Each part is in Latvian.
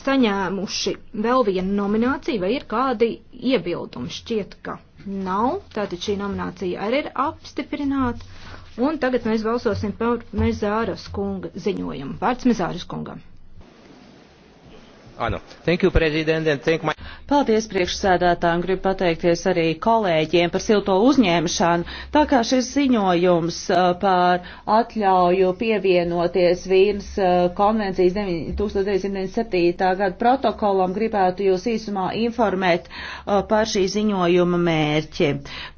saņēmuši vēl vienu nomināciju, vai ir kādi iebildumi? Šķiet, ka nav. Tātad šī nominācija arī ir apstiprināta. Un tagad mēs balsosim par Mezāras kunga ziņojumu. Vārds Mezāras kungam. Ah, nu. Paldies priekšsēdētājiem, gribu pateikties arī kolēģiem par silto uzņemšanu. Tā kā šis ziņojums uh, par atļauju pievienoties Vīnas uh, konvencijas 1997. gada protokolam gribētu jūs īsumā informēt uh, par šī ziņojuma mērķi.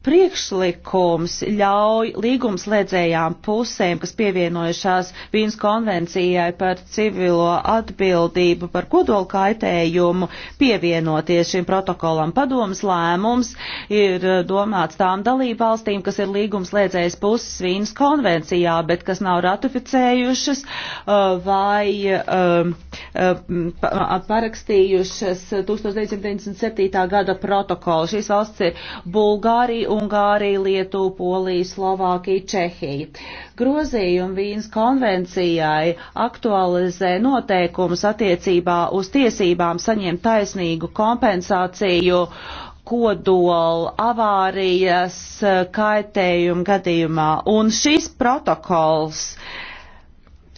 Priekšlikums ļauj līgumslēdzējām pusēm, kas pievienojušās Vīnas konvencijai par civilo atbildību par kodolu kaitējumu pievienoties šim protokolam. Padomas lēmums ir eh, domāts tām dalībvalstīm, kas ir līgumslēdzējas puses Vīnas konvencijā, bet kas nav ratificējušas eh, vai eh, parakstījušas 1997. gada protokolu. Šīs valsts ir Bulgārija, Ungārija, Lietuva, Polija, Slovākija, Čehija. Grozījumi Vīnas konvencijai aktualizē noteikumus attiecībā uz tiesību tiesībām saņemt taisnīgu kompensāciju kodola avārijas kaitējuma gadījumā. Un šis protokols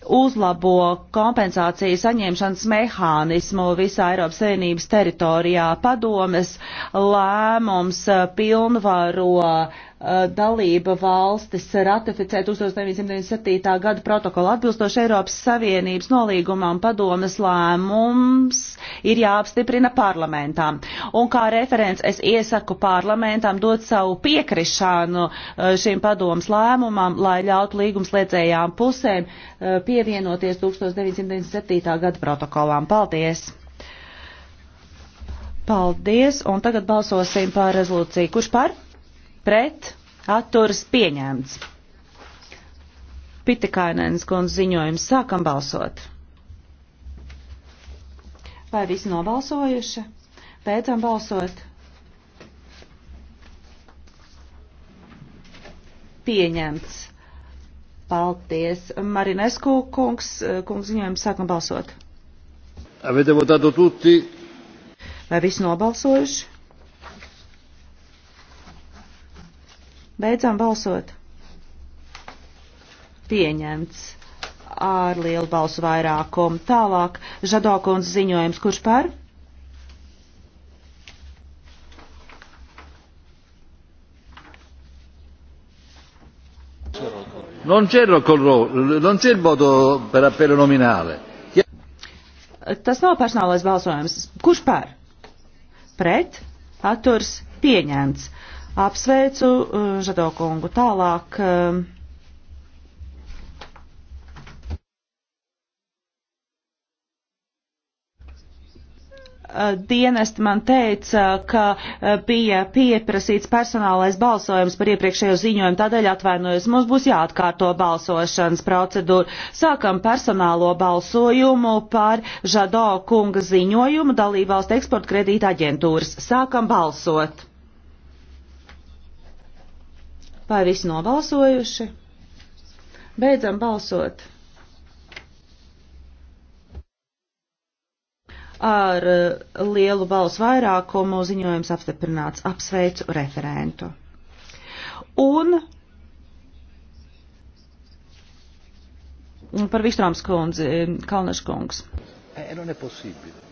uzlabo kompensāciju saņemšanas mehānismu visā Eiropas Savienības teritorijā. Padomes lēmums pilnvaro Uh, dalība valstis ratificēt 1997. gada protokolu atbilstoši Eiropas Savienības nolīgumam padomas lēmums ir jāapstiprina parlamentām. Un kā referents es iesaku parlamentām dot savu piekrišanu uh, šim padomas lēmumam, lai ļautu līgumslēdzējām pusēm uh, pievienoties 1997. gada protokolām. Paldies! Paldies, un tagad balsosim par rezolūciju. Kurš par? pret atturas pieņemts. Pitekainēnas kundze ziņojums sākam balsot. Vai visi nobalsojuši? Beidzam balsot. Pieņemts. Paldies. Marinesku kungs, kungs ziņojums sākam balsot. Avete votato tutti? Vai visi nobalsojuši? Beidzam balsot. Pieņemts ar lielu balsu vairākumu. Tālāk Žadokuns ziņojums, kurš par? Non c'è il voto per appello nominale. Tas nav personālais balsojums. Kurš par? Pret? Atturs? Pieņemts. Uh, Apsveicu uh, Žadokungu. Tālāk. Uh, uh, dienesti man teica, ka bija pieprasīts personālais balsojums par iepriekšējo ziņojumu, tādēļ atvainojos, mums būs jāatkārto balsošanas procedūra. Sākam personālo balsojumu par Žado kunga ziņojumu dalībvalstu eksporta kredīta aģentūras. Sākam balsot! Vai visi nobalsojuši? Beidzam balsot. Ar uh, lielu balsu vairākumu ziņojums apstiprināts. Apsveicu referentu. Un par Vištrāms kundzi, Kalnaškungs. E, non è possibile.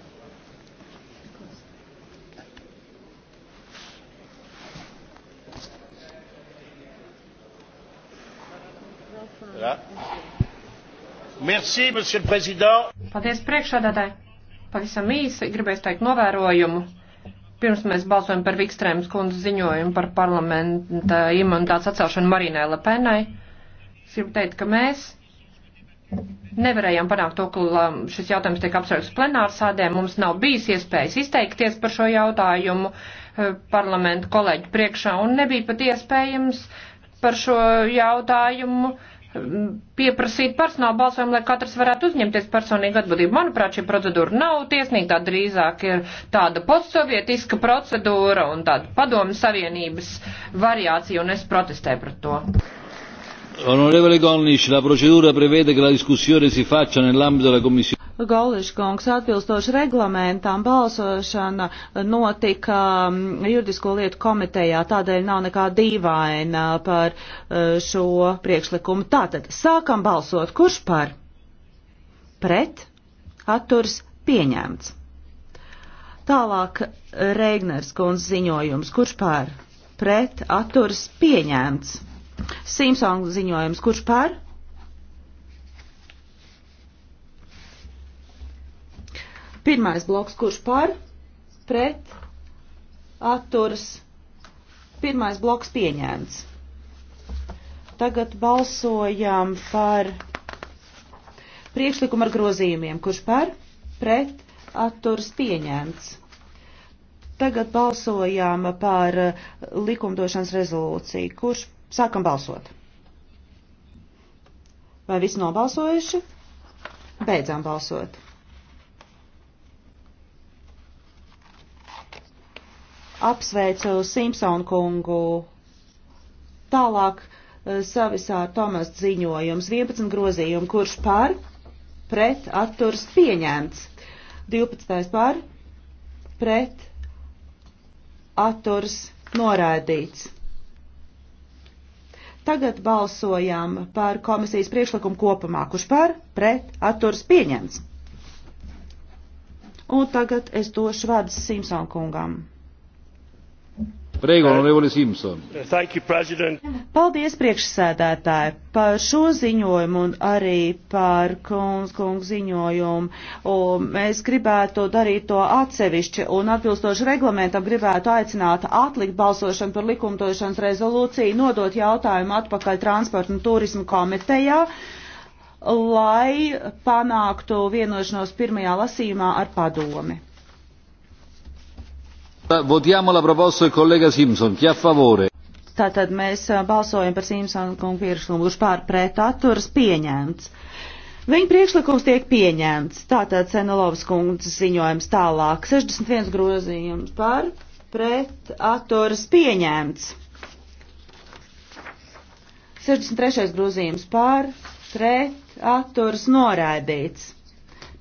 Merci, monsieur le président. Paldies, priekšādātāji. Pavisam īsi gribēs teikt novērojumu. Pirms mēs balsojam par Vikstrēmas kundzes ziņojumu par parlamenta imunitātes atcelšanu Marinai Lepenai. Es gribu teikt, ka mēs nevarējām panākt to, ka šis jautājums tiek apsvērts plenārsādē. Mums nav bijis iespējas izteikties par šo jautājumu eh, parlamentu kolēģu priekšā un nebija pat iespējams par šo jautājumu uh, pieprasīt personāla balsojumu, lai katrs varētu uzņemties personīgu atbildību. Manuprāt, šī procedūra nav tiesnīga, tā drīzāk ir tāda postsovietiska procedūra un tāda padomu savienības variācija, un es protestēju pret to. Onorevole Golnisch, la procedura prevede che la discussione si faccia nell'ambito della Commissione. Goliškungs atbilstoši reglamentām balsošana notika mm, juridisko lietu komitejā, tādēļ nav nekā dīvaina par e, šo priekšlikumu. Tātad sākam balsot. Kurš par? Pret? Atturs pieņemts. Tālāk Reigners kundz ziņojums. Kurš par? Pret? Atturs pieņemts. Simpsons ziņojums. Kurš par? Pirmais bloks, kurš par, pret, atturas, pirmais bloks pieņēmts. Tagad balsojam par priekšlikumu ar grozījumiem, kurš par, pret, atturas pieņēmts. Tagad balsojām par eh, likumdošanas rezolūciju. Kurš sākam balsot? Vai visi nobalsojuši? Beidzām balsot. apsveicu Simpsonu kungu. Tālāk eh, savisā Tomas ziņojums 11 grozījumu, kurš par pret atturs pieņemts. 12. par pret atturs noraidīts. Tagad balsojam par komisijas priekšlikumu kopumā, kurš par pret atturs pieņemts. Un tagad es došu vārdu Simpson kungam. Prego, eh, Paldies, priekšsēdētāji, par šo ziņojumu un arī par kungs, kungs ziņojumu. Un mēs gribētu darīt to atsevišķi un atbilstoši reglamentam gribētu aicināt atlikt balsošanu par likumdošanas rezolūciju, nodot jautājumu atpakaļ transporta un turismu komitejā lai panāktu vienošanos pirmajā lasījumā ar padomi. Votiamo la proposta del collega Simpson. Chi a favore? Tātad mēs eh, balsojam par Simpsonu kungu priekšlikumu, kurš pār pret atturas pieņemts. Viņa priekšlikums tiek pieņemts. Tātad Senelovas kungas ziņojums tālāk. 61 grozījums par pret atturas pieņemts. 63. grozījums par pret atturas noraidīts.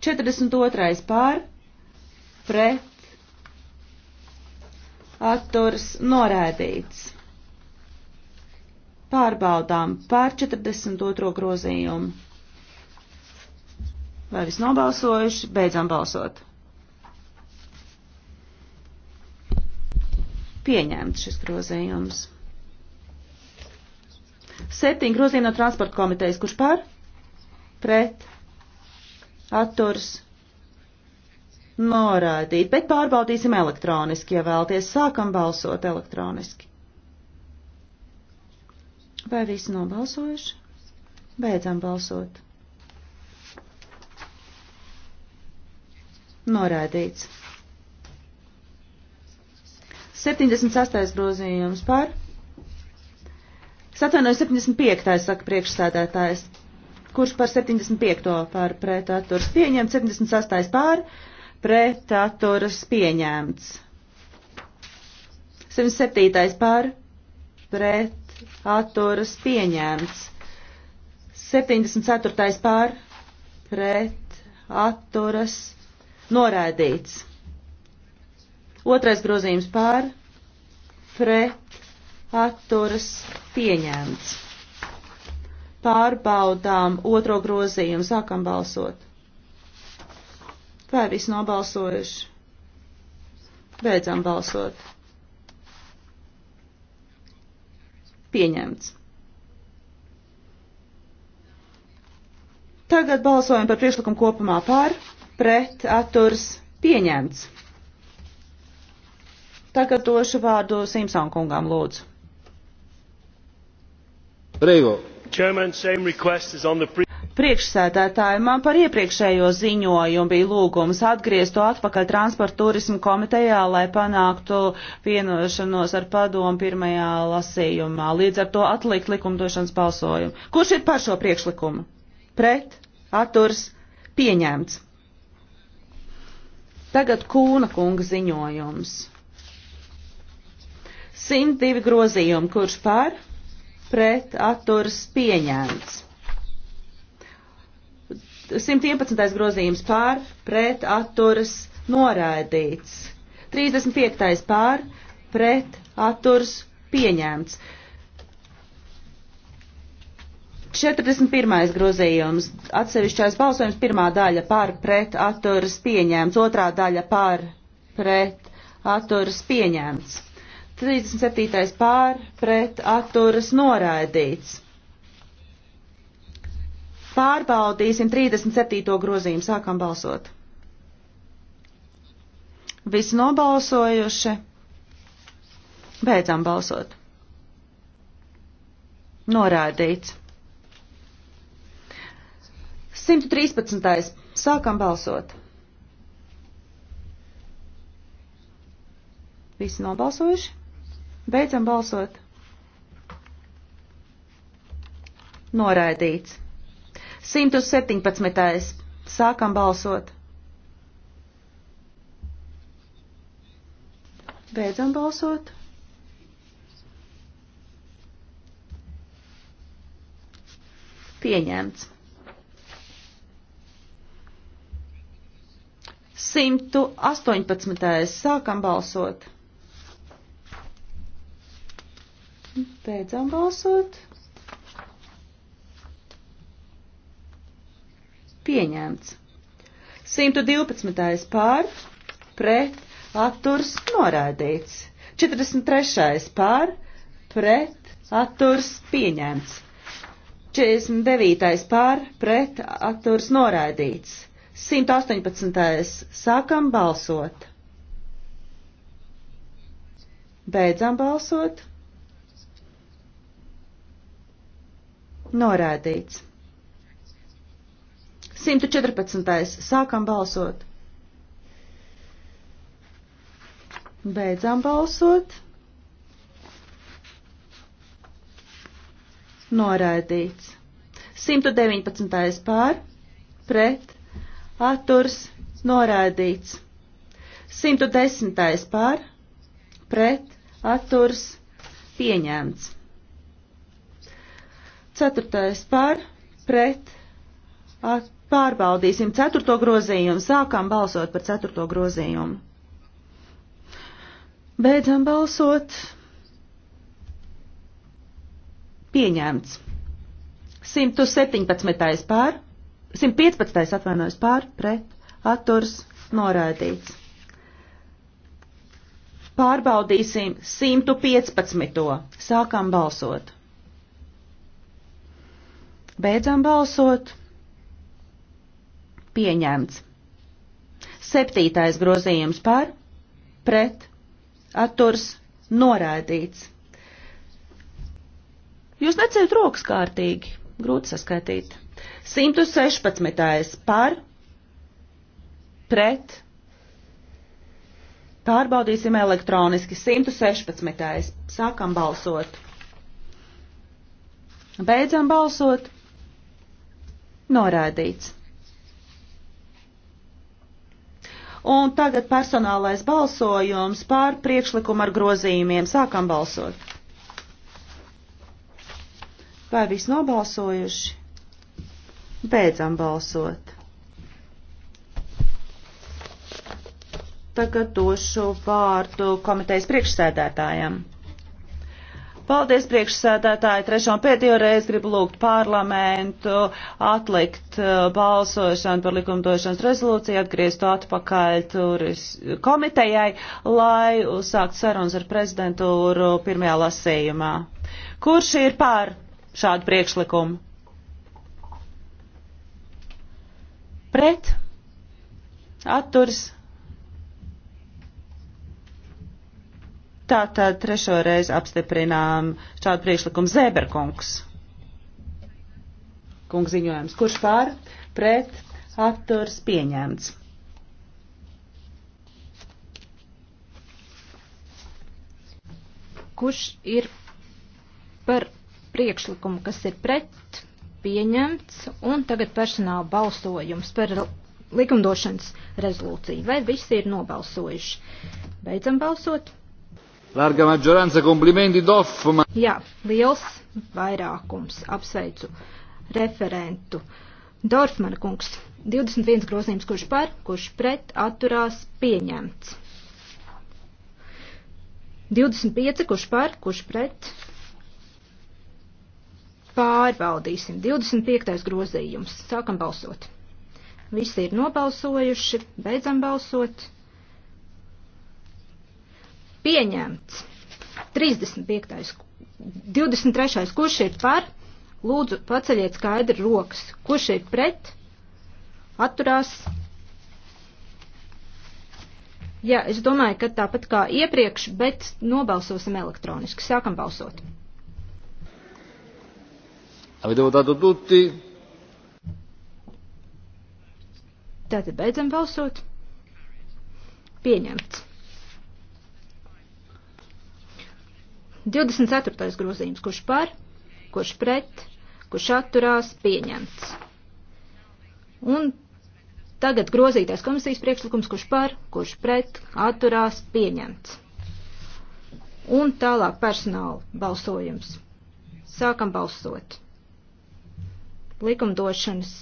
42. par pret atturs norēdīts. Pārbaudām pār 42. grozījumu. Vai viss nobalsojuši? Beidzam balsot. Pieņemts šis grozījums. Septiņi grozījumi no transporta komitejas. Kurš par? Pret. Atturs noraidīt, bet pārbaudīsim elektroniski, ja vēlties. Sākam balsot elektroniski. Vai visi nobalsojuši? Beidzam balsot. Noraidīts. 76. grozījums par. Satvainoju 75. saka priekšsēdētājs. Kurš par 75. par pret atturs pieņemt, 76. pār pret atturas pieņēmts. 107. par pret atturas pieņēmts. 74. par pret atturas norādīts. Otrais grozījums par pret atturas pieņēmts. Pārbaudām otro grozījumu, sākam balsot. Vai viss nobalsojuši? Beidzam balsot. Pieņemts. Tagad balsojam par priekšlikumu kopumā pār, pret, atturs, pieņemts. Tagad došu vārdu Simpson kungam lūdzu. Reivo. Chairman, same request is on the pre priekšsēdētāju. Man par iepriekšējo ziņojumu bija lūgums atgriezt to atpakaļ transporta turismu komitejā, lai panāktu vienošanos ar padomu pirmajā lasījumā. Līdz ar to atlikt likumdošanas balsojumu. Kurš ir par šo priekšlikumu? Pret? Atturs? Pieņemts. Tagad Kūna kunga ziņojums. 102 grozījumi, kurš par, pret, atturs, pieņemts. 111. grozījums pār, pret, atturas, noraidīts. 35. pār, pret, atturas, pieņemts. 41. grozījums, atsevišķais balsojums, pirmā daļa par, pret, atturas, pieņemts, otrā daļa par, pret, atturas, pieņemts. 37. pār, pret, atturas, noraidīts. Pārbaudīsim 37. grozījumu. Sākam balsot. Visi nobalsojuši. Beidzam balsot. Norādīts. 113. Sākam balsot. Visi nobalsojuši. Beidzam balsot. Noraidīts. 117. Sākam balsot. Beidzam balsot. Pieņemts. 118. Sākam balsot. Beidzam balsot. pieņemts. 112. pār, pret, atturs, noraidīts. 43. pār, pret, atturs, pieņemts. 49. pār, pret, atturs, noraidīts. 118. sākam balsot. Beidzam balsot. Norādīts. 114. Sākam balsot. Beidzam balsot. Noraidīts. 119. pār, pret, atturs, noraidīts. 110. pār, pret, atturs, pieņemts. 4. pār, pret, atturs Pārbaudīsim ceturto grozījumu. Sākam balsot par ceturto grozījumu. Beidzam balsot. Pieņemts. 117. pār, 115. atvainojas pār, pret, atturs, norādīts. Pārbaudīsim 115. Sākam balsot. Beidzam balsot pieņemts. Septītais grozījums par, pret, atturs, noraidīts. Jūs necējat rokas kārtīgi, grūti saskaitīt. 116. par, pret, pārbaudīsim elektroniski. 116. sākam balsot. Beidzam balsot. Noraidīts. Un tagad personālais balsojums pār priekšlikumu ar grozījumiem. Sākam balsot. Vai viss nobalsojuši? Beidzam balsot. Tagad došu vārdu komitejas priekšsēdētājam. Paldies, priekšsēdētāji. Trešo un pēdējo reizi gribu lūgt parlamentu atlikt uh, balsošanu par likumdošanas rezolūciju, atgriezt to atpakaļ turis komitejai, lai uzsākt sarunas ar prezidentūru pirmajā lasījumā. Kurš ir pār šādu priekšlikumu? Pret? Atturs? Tātad trešo reizi apstiprinām šādu priekšlikumu Zēberkungs. Kungs ziņojums. Kurš pār? Pret atturs pieņemts. Kurš ir par priekšlikumu, kas ir pret pieņemts, un tagad personāla balsojums par likumdošanas rezolūciju. Vai visi ir nobalsojuši? Beidzam balsot. Larga maģorānsa komplimenti Dofman. Jā, liels vairākums apsveicu referentu. Dorfmana kungs, 21 grozījums, kurš par, kurš pret, atturās, pieņemts. 25, kurš par, kurš pret, pārbaudīsim. 25. grozījums, sākam balsot. Visi ir nobalsojuši, beidzam balsot pieņemts. 35. 23. Kurš ir par? Lūdzu, paceļiet skaidri rokas. Kurš ir pret? Atturās. Jā, es domāju, ka tāpat kā iepriekš, bet nobalsosim elektroniski. Sākam balsot. Avete votato tutti? Tātad beidzam balsot. Pieņemts. 24. grozījums, kurš par, kurš pret, kurš atturās, pieņemts. Un tagad grozītais komisijas priekšlikums, kurš par, kurš pret, atturās, pieņemts. Un tālāk personāla balsojums. Sākam balsot. Likumdošanas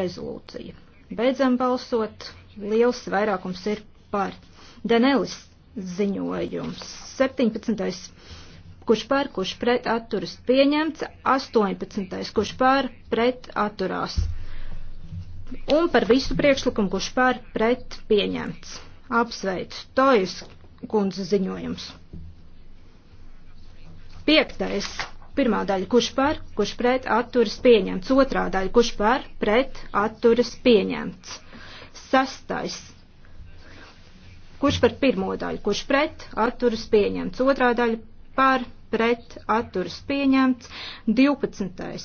rezolūcija. Beidzam balsot. Liels vairākums ir par. Danelis ziņojums. 17. kurš pār, kurš pret atturas pieņemts, 18. kurš pār, pret atturās. Un par visu priekšlikumu, kurš pār, pret pieņemts. Apsveicu. Tojas kundze ziņojums. Piektais. Pirmā daļa, kurš par, kurš pret atturas pieņemts. Otrā daļa, kurš par, pret atturas pieņemts. Sastais. Kurš par pirmo daļu? Kurš pret? Atturas pieņemts. Otrā daļa par pret atturas pieņemts. 12.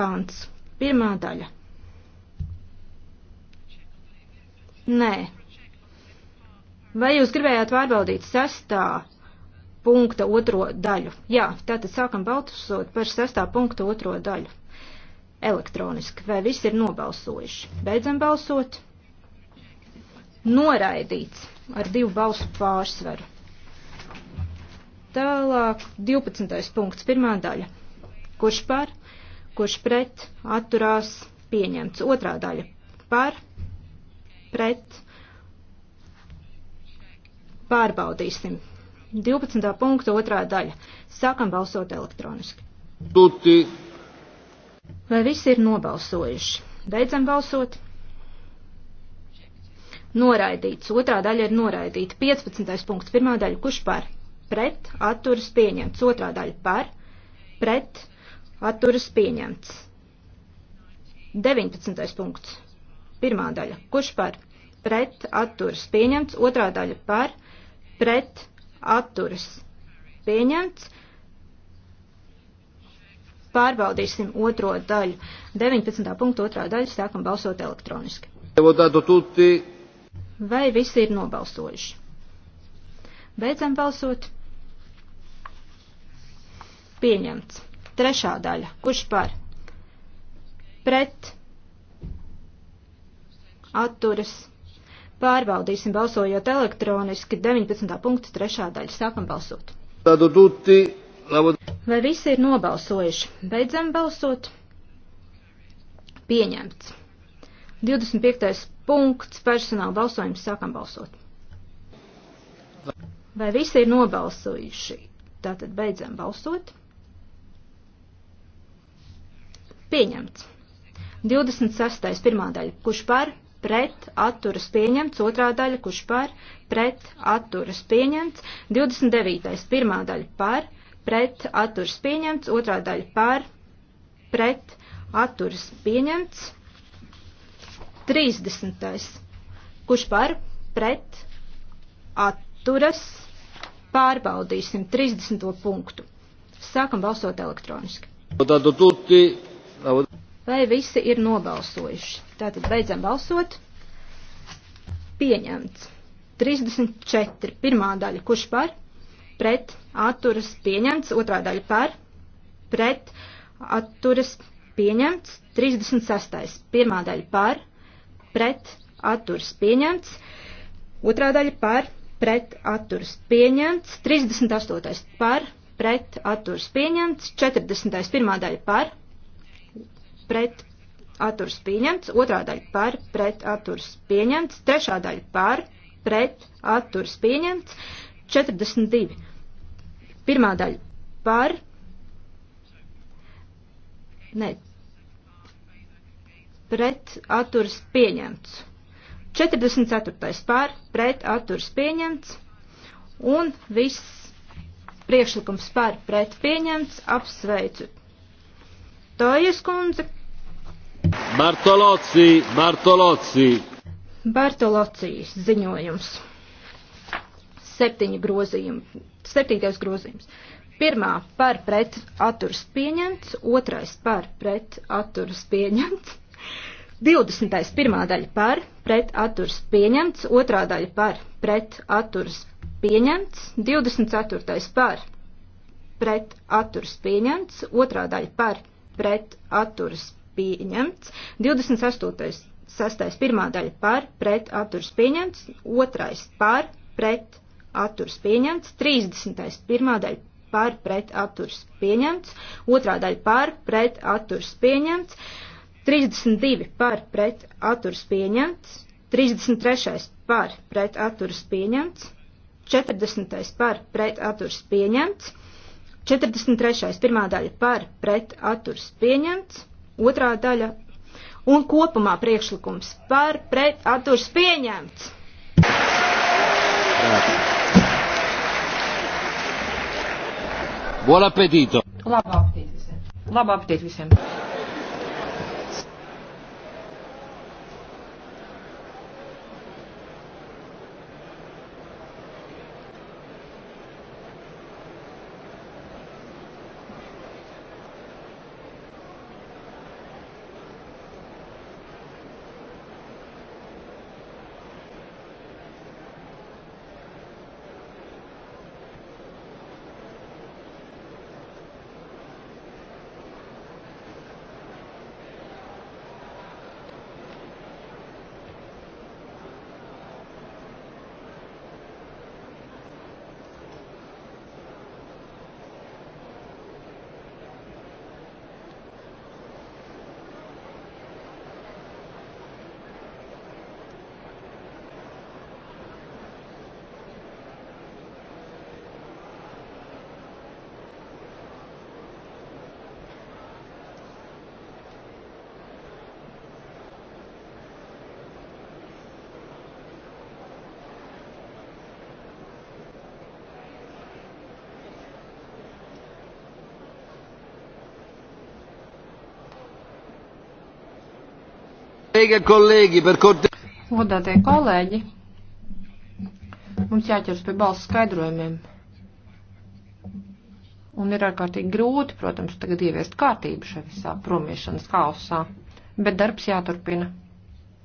pants. Pirmā daļa. Nē. Vai jūs gribējāt pārbaudīt sestā punkta otro daļu? Jā, tātad sākam balsot par sestā punkta otro daļu. Elektroniski. Vai visi ir nobalsojuši? Beidzam balsot noraidīts ar divu balsu pārsvaru. Tālāk 12. punkts, pirmā daļa. Kurš par, kurš pret, atturās, pieņemts. Otrā daļa. Par, pret, pārbaudīsim. 12. punkta otrā daļa. Sākam balsot elektroniski. Tuti. Vai visi ir nobalsojuši? Beidzam balsot noraidīts, otrā daļa ir noraidīta. 15. punkts, pirmā daļa, kurš par, pret, atturas pieņemts, otrā daļa par, pret, atturas pieņemts. 19. punkts, pirmā daļa, kurš par, pret, atturas pieņemts, otrā daļa par, pret, atturas pieņemts. Pārbaudīsim otro daļu. 19. punktu otrā daļa sākam balsot elektroniski. Votato tutti Vai visi ir nobalsojuši? Beidzam balsot. Pieņemts. Trešā daļa. Kurš par? Pret. Atturas. Pārbaudīsim balsojot elektroniski 19. punkta trešā daļa. Sākam balsot. Vai visi ir nobalsojuši? Beidzam balsot. Pieņemts. 25 punkts personāla balsojums. Sākam balsot. Vai visi ir nobalsojuši? Tātad beidzam balsot. Pieņemts. 26. pirmā daļa. Kurš par? Pret atturas pieņemts. Otrā daļa. Kurš par? Pret atturas pieņemts. 29. pirmā daļa par. Pret atturas pieņemts. Otrā daļa par. Pret atturas pieņemts. 30. Kurš par? Pret. Atturas. Pārbaudīsim 30. punktu. Sākam balsot elektroniski. Vai visi ir nobalsojuši? Tātad beidzam balsot. Pieņemts. 34. Pirmā daļa. Kurš par? Pret. Atturas. Pieņemts. Otrā daļa par. Pret. Atturas. Pieņemts. 36. Pirmā daļa par pret atturs pieņemts, otrā daļa par pret atturs pieņemts, 38. par pret atturs pieņemts, 40. pirmā daļa par pret atturs pieņemts, otrā daļa par pret atturs pieņemts, trešā daļa par pret atturs pieņemts, 42. pirmā daļa par, ne, pret atturs pieņemts. 44. pār pret atturs pieņemts. Un viss priekšlikums pār pret pieņemts. Apsveicu. Tojas kundze. Bartolocī, Bartolocī. Bartolocijas ziņojums. Septiņi grozījumi. Septītais grozījums. Pirmā par pret atturs pieņemts, otrais par pret atturs pieņemts, 20. pirmā daļa par, pret atturs pieņemts, otrā daļa par, pret atturs pieņemts, 24. par, pret atturs pieņemts, otrā daļa par, pret atturs pieņemts, 28. sastais pirmā daļa par, pret atturs pieņemts, otrais par, pret atturs pieņemts, 30. pirmā daļa par, pret atturs pieņemts, otrā daļa par, pret atturs pieņemts, 32 par pret atturas pieņemts, 33 par pret atturas pieņemts, 40 par pret atturas pieņemts, 43. pirmā daļa par pret atturas pieņemts, otrā daļa un kopumā priekšlikums par pret atturas pieņemts. Buon appetito! Labu apetīti visiem! Labu apetīti visiem! Godātie kolēģi, mums jāķers pie balss skaidrojumiem. Un ir ārkārtīgi grūti, protams, tagad ieviest kārtību šajā visā promiešanas kausā, bet darbs jāturpina.